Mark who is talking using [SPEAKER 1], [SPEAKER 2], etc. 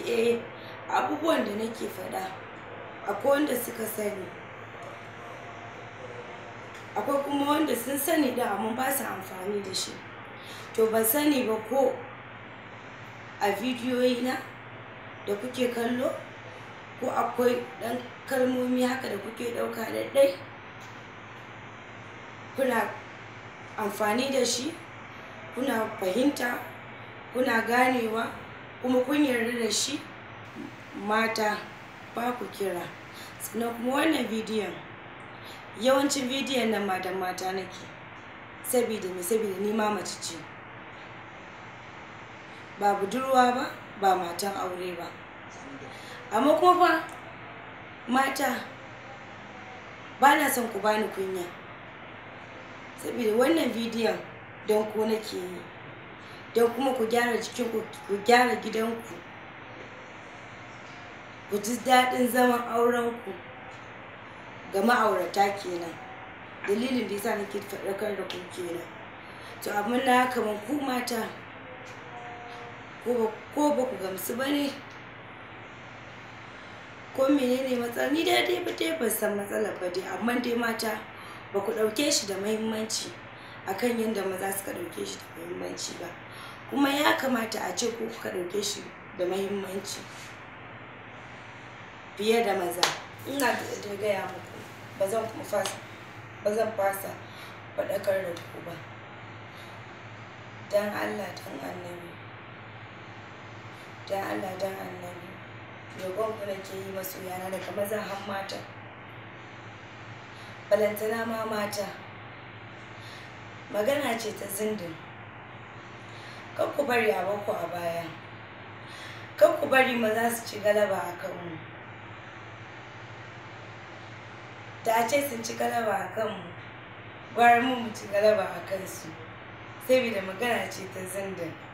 [SPEAKER 1] eh abubuwan da nake faɗa akwai wanda suka sani akwai kuma wanda sun sani da amma ba su amfani da shi to ban sani ba ko a bidiyoyi na da kuke kallo ko akwai ɗan kalmomi haka da kuke ɗauka da ɗai kuna amfani da shi kuna fahimta kuna ganewa kuma kun yarda da shi mata ba ku kira sannan kuma wannan bidiyon yawancin bidiyon nan matan mata nake saboda me saboda ni ma mace ce ba budurwa ba ba matan aure ba amma kuma fa mata ba na son ku bani kunya saboda wannan bidiyon don ko nake yi da kuma ku gyara jikinku ku gyara gidanku ku ji daɗin zaman aurenku ga ma'aurata kenan dalilin da yasa nake faɗakar da ku kenan to abin na kamar ku mata ko ba ku gamsu ba ne ko menene matsala ni dai dai ba dai ban san matsalar ba dai amma dai mata ba ku ɗauke shi da muhimmanci akan yadda maza suka ɗauke shi da muhimmanci ba kuma ya kamata a ce ku kuka ɗauke shi da mahimmanci fiye da maza ina da gaya muku ba zan kuma fasa ba zan fasa faɗakar da ku ba dan Allah dan annabi dan Allah dan annabi roƙon ku ke yi masoyana daga maza har mata balantana ma mata magana ce ta zindin kan ku bari a ku a baya kan ku bari maza su ci galaba a kanmu da ce sun ci galaba a kanmu gwara mu mu ci galaba a kansu saboda magana ce ta zanda.